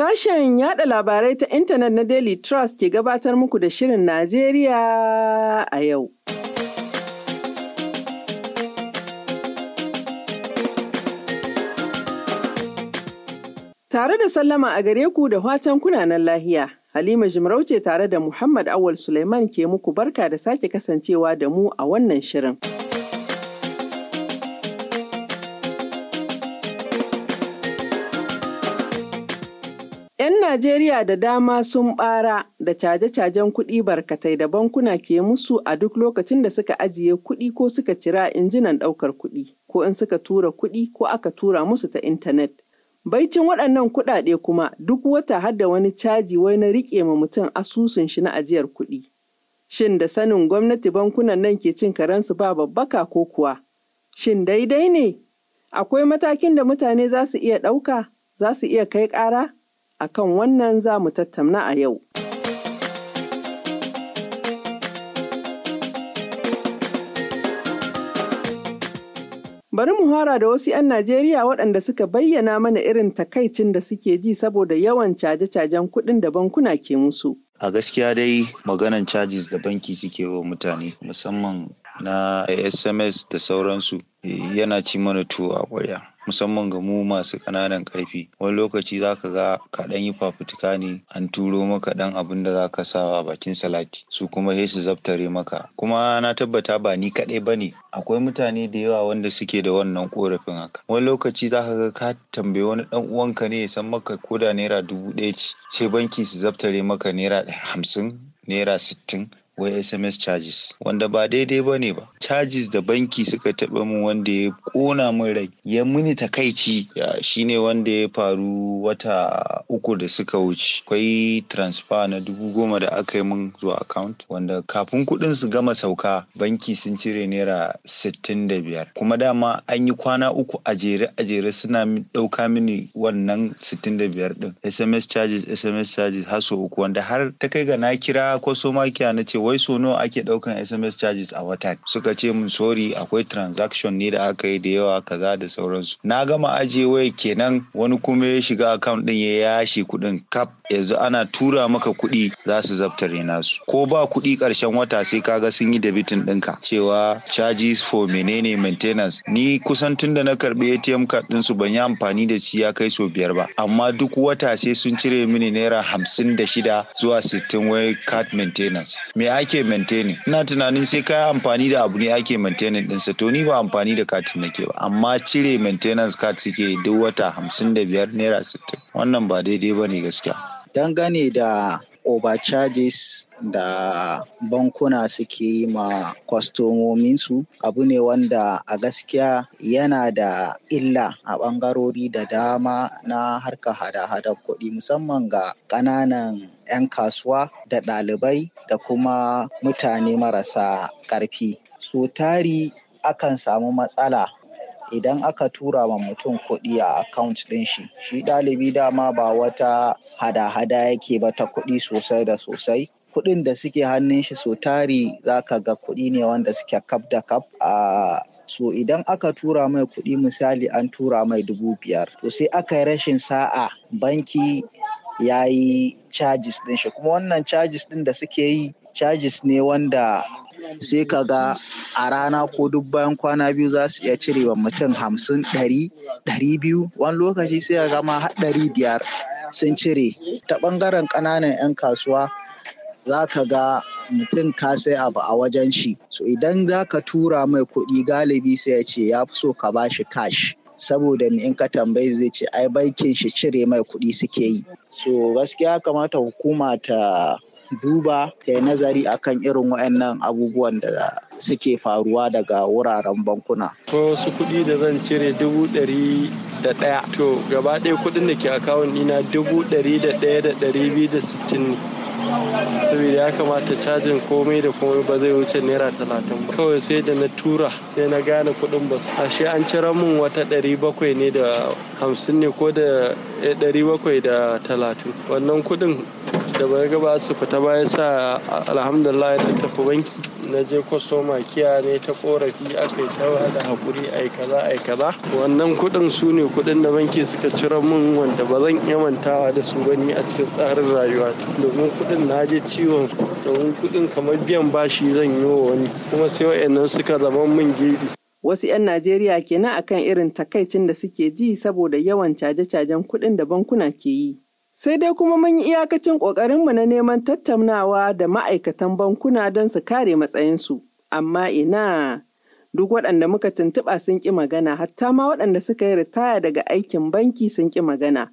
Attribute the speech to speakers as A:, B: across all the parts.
A: Sashen yada labarai ta intanet na Daily Trust ke gabatar muku da Shirin Najeriya a yau. Tare da sallama a gare ku da watan kunanan lahiya, Halima Jimarauce tare da Muhammad Awal Suleiman ke muku barka da sake kasancewa da mu a wannan shirin. Najeriya da dama sun bara da caje-cajen kuɗi barkatai da bankuna ke musu a duk lokacin da suka ajiye kuɗi ko suka cira injinan ɗaukar kuɗi ko in suka tura kuɗi ko aka tura musu ta intanet. Baicin waɗannan kuɗaɗe kuma duk wata har da wani caji wai na riƙe ma mutum asusun shi na ajiyar kuɗi. Shin da sanin gwamnati bankunan nan ke cin karensu ba babbaka ko kuwa? Shin daidai ne? Akwai matakin da mutane za su iya ɗauka? Za su iya kai ƙara? Akan wannan za mu tattauna a yau. Bari mu fara da wasu 'yan Najeriya waɗanda suka bayyana mana irin takaicin da suke ji saboda yawan caje-cajen kuɗin da bankuna ke musu.
B: A gaskiya dai maganan cajis da banki suke wa mutane musamman na sms da sauransu yana ci mana tuwo a ƙwarya musamman ga mu masu ƙananan ƙarfi wani lokaci za ka ga ka ɗan yi fafutuka ne an turo maka ɗan abin da za ka sa a bakin salati su kuma sai su zaftare maka kuma na tabbata ba ni kaɗai ba ne akwai mutane da yawa wanda suke da wannan korafin haka wani lokaci za ka ga ka tambayi wani ɗan uwanka ne ya san maka da naira dubu ɗaya ce sai banki su zaftare maka naira hamsin naira sittin wai sms charges wanda ba daidai ba ne ba charges da banki suka taɓa min wanda ya ƙona min rai ya mini takaici shine wanda ya faru wata uku da suka wuce akwai transfer na dubu goma da aka yi min zuwa account wanda kafin kuɗin su gama sauka banki sun cire naira sittin da biyar kuma dama an yi kwana uku a jere a jere suna ɗauka mini wannan sittin da biyar ɗin sms charges sms charges haso uku wanda har ta kai ga na kira kwaso makiya na ce wai so nawa ake ɗaukan SMS charges a wata suka ce mun sorry akwai transaction ne da aka yi da yawa kaza da sauransu na gama ajiye waya kenan wani kuma ya shiga account din ya yashi kuɗin kap yanzu ana tura maka kuɗi za su zaftare nasu ko ba kuɗi ƙarshen wata sai kaga sun yi debitin ɗinka cewa charges for menene maintenance ni kusan tun da na karɓi ATM card ɗin su ban yi amfani da shi ya kai so biyar ba amma duk wata sai sun cire mini naira hamsin da shida zuwa sittin wai card maintenance me ya ake maintaining ina tunanin sai ka amfani da abu ne ake maintaining sa to ni ba amfani da katin nake ba amma cire maintenance card suke duk wata hamsin da biyar naira sittin wannan ba daidai ba ne gaskiya
C: dangane da overcharges da bankuna suke yi ma kwastomominsu abu ne wanda a gaskiya yana da illa a ɓangarori da dama na harka hada-hadar kuɗi musamman ga ƙananan 'yan kasuwa da ɗalibai da kuma mutane marasa ƙarfi. So tari akan samu matsala idan aka tura ma mutum kuɗi a account ɗin shi, shi ɗalibi dama ba wata hada-hada yake ba ta kuɗi sosai da sosai. Kuɗin da suke hannun shi so tari za ka ga kuɗi ne wanda suke kaf da kaf a so idan aka tura mai kuɗi misali an tura mai dubu biyar to sai aka yi rashin sa'a banki ya yi charges ɗin shi kuma wannan charges ɗin da suke yi charges ne wanda sai ka ga a rana ko duk bayan kwana biyu za su iya cire wa mutum hamsin ɗari ɗari biyu wani lokaci sai ka gama har ɗari biyar sun cire ta ɓangaren ƙananan 'yan kasuwa za ka ga mutum ka sai abu a wajen shi so idan za ka tura mai kuɗi galibi sai ya ce ya fi so ka ba shi kashi saboda in ka tambayi zai ce ai bankin shi cire mai kuɗi suke yi so gaskiya kamata hukuma ta duba ta yi nazari akan irin waɗannan abubuwan da suke faruwa daga wuraren bankuna.
D: Ko su kuɗi da zan cire dubu ɗari da ɗaya. To gaba ɗaya kuɗin da ke akawun ɗina dubu ɗari da ɗaya da ɗari biyu da sittin ne. saboda ya kamata cajin komai da komai ba zai wuce naira talatin ba kawai sai da na tura sai na gane kuɗin ba ashe an cira min wata ɗari bakwai ne da hamsin ne ko da eh, ɗari bakwai da talatin wannan kuɗin da bai gaba su fita ba ya sa alhamdulillah na tafi banki na je kwastoma kiya ne ta korafi aka yi tawa da hakuri yi kaza ai kaza wannan kuɗin su ne kuɗin da banki suka cire min wanda ba zan iya mantawa da su bane a cikin tsarin rayuwa domin kuɗin na je ciwon domin kuɗin kamar biyan bashi zan yi wa wani kuma sai wa'annan suka zama min gidi?
A: Wasu 'yan Najeriya kenan akan irin takaicin da suke ji saboda yawan caje-cajen kuɗin da bankuna ke yi. Sai dai kuma mun yi iyakacin ƙoƙarinmu na neman tattaunawa da ma'aikatan bankuna don su kare matsayinsu, amma ina duk waɗanda muka tuntuɓa sun ƙi magana, hatta ma waɗanda suka yi ritaya daga aikin banki sun ƙi magana.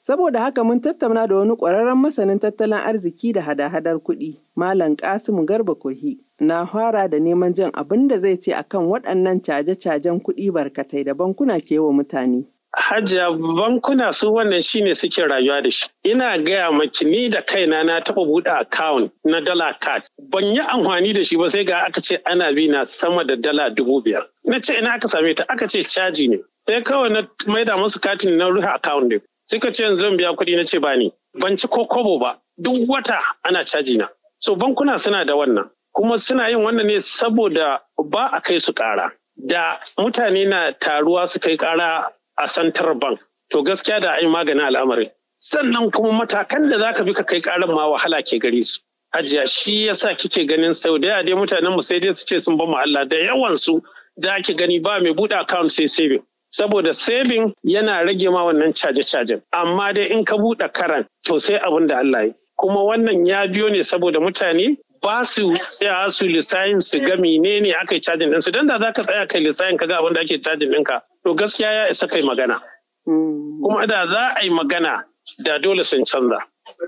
A: Saboda haka mun tattauna da wani ƙwararren masanin tattalin arziki da hada-hadar kuɗi, Malam Kasimu Garba kohi na fara da neman jin abin da zai ce akan waɗannan caje-cajen kuɗi barkatai da bankuna ke wa mutane.
D: Hajiya bankuna su wannan shine suke rayuwa da shi. Ina gaya maki ni da kaina na taɓa buɗe akawun na dala card. Ban yi amfani da shi ba sai ga aka ce ana bi na sama da dala dubu biyar. Na ce ina aka same ta aka ce caji ne. Sai kawai na maida musu katin na rufe account din. Suka ce yanzu zan biya kuɗi na ce ba ni. Ban ci ko kobo ba. Duk wata ana caji na. So bankuna suna da wannan. Kuma suna yin wannan ne saboda ba a kai su ƙara. Da mutane na taruwa su kai ƙara a santar bank to gaskiya da ai maganin al'amari sannan kuma matakan da zaka bi ka kai karan ma wahala ke gare su hajiya shi yasa kike ganin sau da yawa dai mutanen mu sai dai su ce sun ba mu Allah da yawan su da ake gani ba mai buɗe account sai saving saboda saving yana rage ma wannan caje-cajen amma dai in ka buɗe karan to sai abin da Allah yi kuma wannan ya biyo ne saboda mutane ba su tsaya su lissayin su ga menene aka yi cajin ɗinsu don da za ka tsaya kai lissayin ka ga abin da ake cajin ɗinka to gaskiya ya isa kai magana. Hmm. Kuma da za a yi magana da dole sun canza.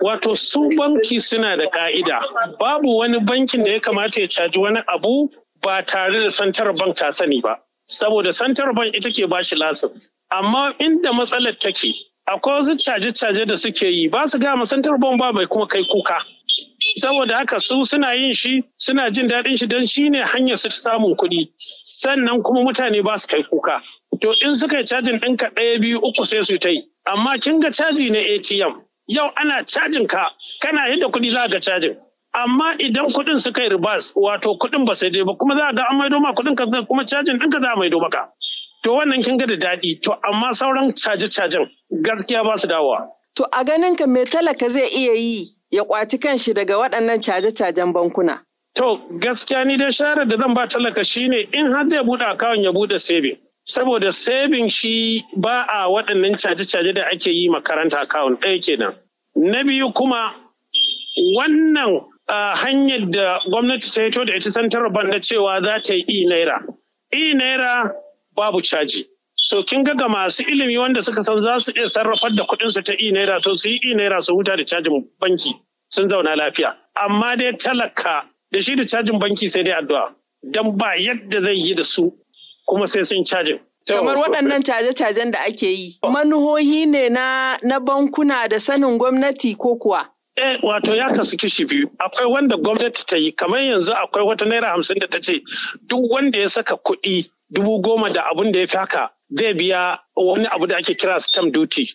D: Wato su banki suna da ka'ida, babu wani bankin da ya kamata ya caji wani abu ba tare da santar bank ta sani ba. Saboda santar bank ita ke bashi lasin. Amma inda matsalar take, akwai wasu caje-caje da suke yi ba su gama santar bank ba mai kuma kai kuka. saboda haka su suna yin shi suna jin daɗin shi don shi ne hanyar su samun kuɗi sannan kuma mutane ba su kai kuka to in suka yi cajin ɗinka ɗaya biyu uku sai su ta yi amma kin ga caji na atm yau ana cajin ka kana yadda kuɗi za ga cajin amma idan kuɗin suka yi ribas wato kuɗin ba sai dai ba kuma za ga an maido ma kuɗin ka kuma cajin ɗinka za a maido maka to wannan kin ga da daɗi to amma sauran caje-cajen gaskiya ba su dawowa.
A: To a ganin ka me talaka zai iya yi ya kwaci shi daga waɗannan caje-cajen bankuna?
D: To gaskiya ni dai share da zan ba talaka shine in har zai buɗe akawun ya buɗe saving. saboda saving shi ba a waɗannan caje-caje da ake yi makaranta account ɗaya kenan. Na biyu kuma wannan hanyar da gwamnati ta hito da ita santar ban na cewa za ta yi e-naira. E-naira babu caji. So kin ga masu ilimi wanda suka san za su iya sarrafar da kuɗinsu ta e-naira to su yi e-naira su huta da cajin banki sun zauna lafiya. Amma dai talaka da shi da cajin banki sai dai addu'a. Don ba yadda zai yi da su kuma sai sun cajin. Kamar waɗannan
A: caje-cajen da ake yi, manuhohi ne na, na bankuna da sanin gwamnati ko kuwa?
D: Eh, wato ya kasu kishi biyu, akwai wanda gwamnati ta yi, kamar yanzu akwai wata naira hamsin da ta ce duk wanda ya saka kuɗi dubu goma da abun da ya fi haka zai biya wani abu da ake kira stamp duty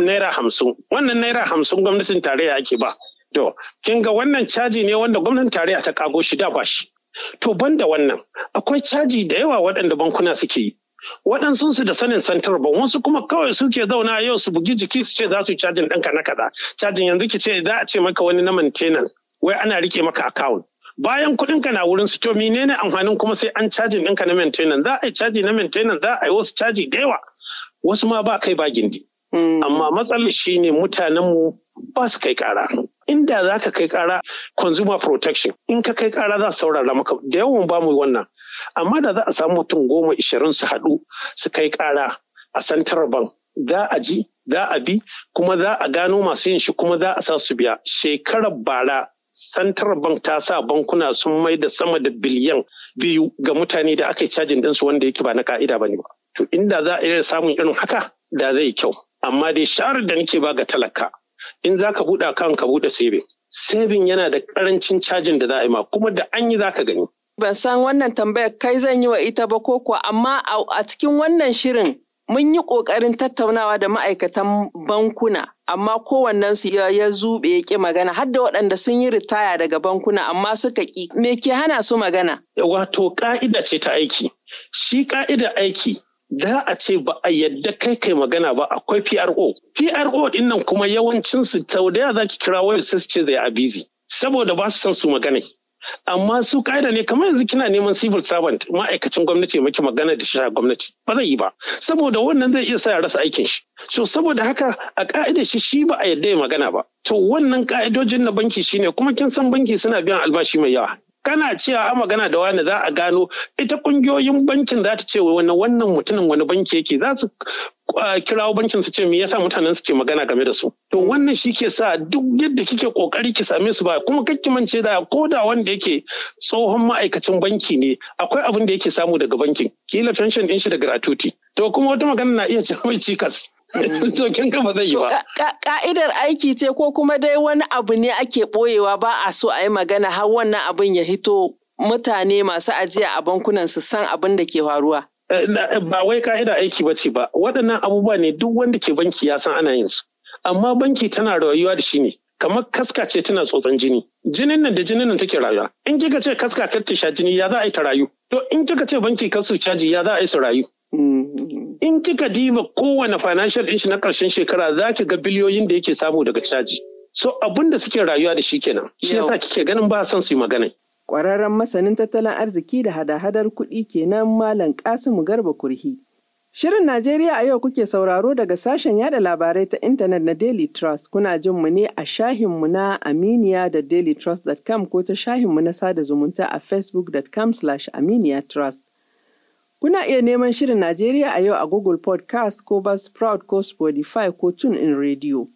D: naira hamsin. Wannan naira hamsin gwamnatin tarayya ake ba. To, kin ga wannan caji ne wanda gwamnatin tarayya ta kago shi da ba shi. To ban da wannan, akwai caji da yawa waɗanda bankuna suke yi. waɗansu su da sanin santar ba wasu kuma kawai suke zauna yau su bugi jiki su ce za su cajin ɗanka na kaza cajin yanzu ki ce za a ce maka wani na maintenance wai ana rike maka akawun. bayan kuɗin ka na wurin su to menene amfanin kuma sai an cajin ɗinka na maintenance za a yi caji na maintenance za a yi wasu caji da yawa wasu ma ba kai ba gindi hmm. amma matsalar shi ne mutanenmu ba su kai ƙara. inda za ka kai kara consumer protection in ka kai kara za saurara maka da yawan ba mu wannan amma da za a samu mutum goma ishirin su haɗu su kai kara a central bank za a ji za a bi kuma za a gano masu yin shi kuma za a sa su biya shekarar bara Central Bank ta sa bankuna sun mai da sama da biliyan biyu ga mutane da aka yi cajin ɗinsu wanda yake ba na ka'ida ba ne ba. To inda za a iya samun irin haka da zai kyau. Amma dai sharar da nake ba ga talaka in za ka buɗe account ka buɗe saving saving yana da ƙarancin cajin da za a yi ma kuma da an yi za ka gani
A: ban san wannan tambayar kai zan yi wa ita ba ko kuwa amma a cikin wannan shirin mun yi ƙoƙarin tattaunawa da ma'aikatan bankuna amma kowannensu ya zube ya ƙi magana har da waɗanda sun yi ritaya daga bankuna amma suka ƙi me ke hana su magana
D: wato ƙa'ida ce ta aiki shi ƙa'ida aiki da a ce ba a yadda kai kai magana ba akwai PRO. PRO din nan kuma yawancinsu ta da za ki kira wayo sai su ce zai a busy saboda ba su san su magana. Amma su ƙa'ida ne kamar yanzu kina neman civil servant ma'aikacin gwamnati maki magana da shi gwamnati ba zai yi ba saboda wannan zai iya sa ya rasa aikin shi. So saboda haka a ƙa'idar shi shi ba a yadda ya magana ba. To wannan ƙa'idojin na banki shine kuma kin san banki suna biyan albashi mai yawa. kana cewa a magana da wani za a gano ita kungiyoyin bankin za ta ce wannan wannan mutumin wani banki yake za su kirawo bankin su ce me yasa mutanen ke magana game da su to wannan shi ke sa duk yadda kike kokari ki same su ba kuma ki mance da ko da wanda yake tsohon ma'aikacin banki ne akwai abin da yake samu daga bankin kila pension din shi da gratuity to kuma wata magana na iya ci cikas to kin zai yi ba
A: ka'idar aiki ce ko kuma dai wani abu ne ake boyewa ba a so a yi magana har wannan abin ya hito mutane masu ajiya a bankunan su san abin da ke faruwa eh,
D: eh, ba wai ka'idar aiki ba ce ba waɗannan abubuwa ne duk wanda ke banki ya san ana yin su amma banki tana rayuwa da shi ne kamar kaska ce tana tsotson jini jinin nan da jinin nan take rayuwa in kika ce kaska kar ta sha jini ya za a yi ta rayu to in kika ce banki kar su caji ya za a yi su rayu in kika dima kowane financial inch na karshen shekara za ki ga biliyoyin da yake samu daga caji. So abin da suke rayuwa da shi kenan. Shi yasa kike ganin ba son su yi magana.
A: Ƙwararren masanin tattalin arziki da hada-hadar kuɗi kenan Malam Kasimu Garba Kurhi. Shirin Najeriya a yau kuke sauraro daga sashen yada labarai ta intanet na Daily Trust kuna jin mu ne a shahinmu na Aminiya da dailytrust.com ko ta shahinmu na sada zumunta a facebook.com/aminiya trust. Kuna iya neman Shirin Najeriya a yau a Google Podcast ko Buzzsprout ko Spotify ko TuneIn Radio.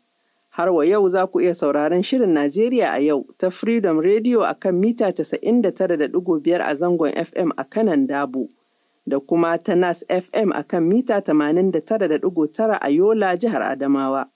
A: Har wa yau za ku iya sauraron Shirin Najeriya a yau ta Freedom Radio a kan mita 99.5 a zangon FM a kanan Dabo. Da kuma ta Nas FM a kan mita 89.9 a Yola, Jihar Adamawa.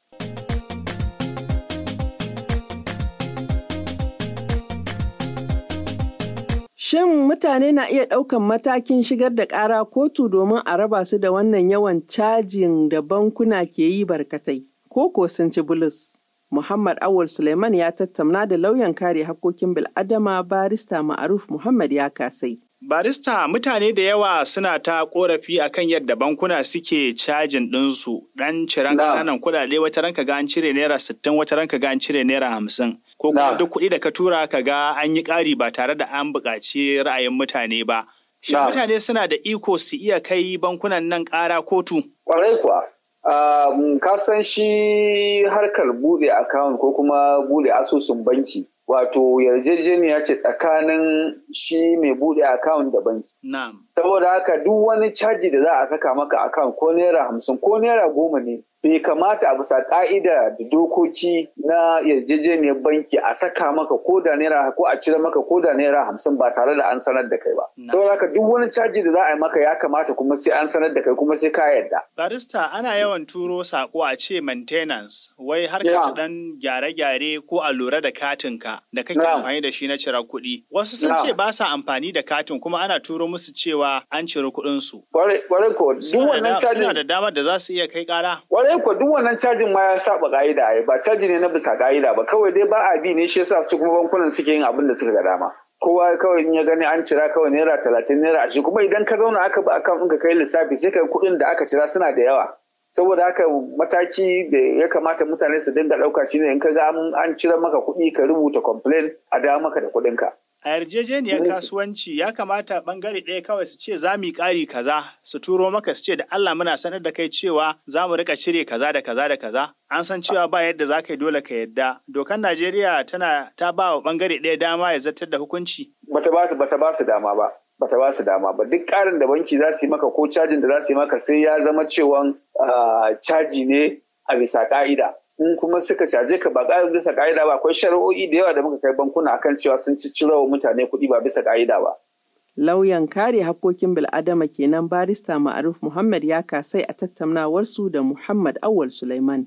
A: Shin mutane na iya ɗaukan matakin shigar da ƙara kotu domin a raba su da wannan yawan cajin da bankuna ke yi barkatai, ko ko sun ci bulus? Muhammad Awul Suleiman ya tattauna da lauyan kare hakkokin bil'adama barista Ma'aruf Muhammad ya kasai.
E: Barista mutane da yawa suna ta korafi akan yadda bankuna suke cajin ɗinsu ɗan ciran ƙananan kuɗaɗe wata ranka ga an cire naira sittin wata ranka ga an cire naira hamsin. ko kuma duk kuɗi da ka tura ka ga an yi ƙari ba tare da an buƙaci ra'ayin mutane ba. Shin mutane suna da iko su iya kai bankunan nan ƙara kotu? Ƙwarai
F: kuwa. ka san shi harkar buɗe akawun ko kuma buɗe asusun banki. Wato yarjejeniya ce tsakanin shi mai buɗe akawun da banki. Saboda haka duk wani caji da za a saka maka akawun ko naira hamsin ko naira goma ne bai kamata a bisa ka'ida da dokoki na yarjejeniyar banki a saka maka ko da naira ko a cire maka ko da naira hamsin ba tare da an sanar da kai ba. Saboda haka duk wani caji da za a yi maka ya kamata kuma sai an sanar da kai kuma sai ka yarda. Barista
E: ana yawan turo sako a ce maintenance wai har ka dan gyare-gyare ko a lura da katin ka da kake amfani da shi na cire kuɗi. Wasu sun ce ba sa amfani da katin kuma ana turo musu cewa an cire kuɗin su. Kwarai ko
F: duk wannan caji. Suna da
E: damar da za su iya kai ƙara.
F: Kwarai ai kwa duk wannan cajin ma ya saba ka'ida ai ba caji ne na bisa ka'ida ba kawai dai ba a bi ne shi yasa su kuma bankunan suke yin abin da suka ga dama kowa kawai in ya gani an cira kawai naira talatin naira ashirin kuma idan ka zauna aka ba akan ka kai lissafi sai ka kuɗin da aka cira suna da yawa saboda haka mataki da ya kamata mutane su dinga ɗauka shine in ka ga an cire maka kuɗi ka rubuta complain a dawo maka da kuɗinka.
E: a yarjejeniyar kasuwanci ya kamata bangare ɗaya kawai su ce za mu yi ƙari kaza su turo maka su ce da Allah muna sanar da kai cewa za mu rika cire kaza da kaza da kaza an san cewa ba yadda za ka yi dole ka yadda dokan Najeriya tana ta ba wa bangare ɗaya dama ya zartar da hukunci
F: bata ba su bata ba su dama ba bata ba su dama ba duk ƙarin da banki za su yi maka ko cajin da za su yi maka sai ya zama cewa ah, caji ne a bisa ƙa'ida in kuma suka caje ka ba bisa ƙa'ida ba akwai shari'o'i da yawa da muka kai bankuna akan cewa sun ci wa mutane kuɗi ba bisa ƙa'ida ba.
A: Lauyan kare hakkokin bil'adama kenan barista Ma'aruf Muhammad ya kasai a tattaunawarsu da Muhammad Awal Sulaiman.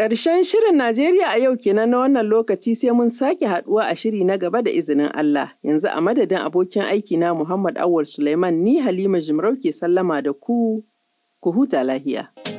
A: Ƙarshen shirin Najeriya a yau kenan na wannan lokaci sai mun sake haɗuwa a shiri na gaba da izinin Allah. Yanzu a madadin abokin aiki na Muhammad Awul Suleiman ni Halima Jimarau ke sallama da ku, ku huta lahiya.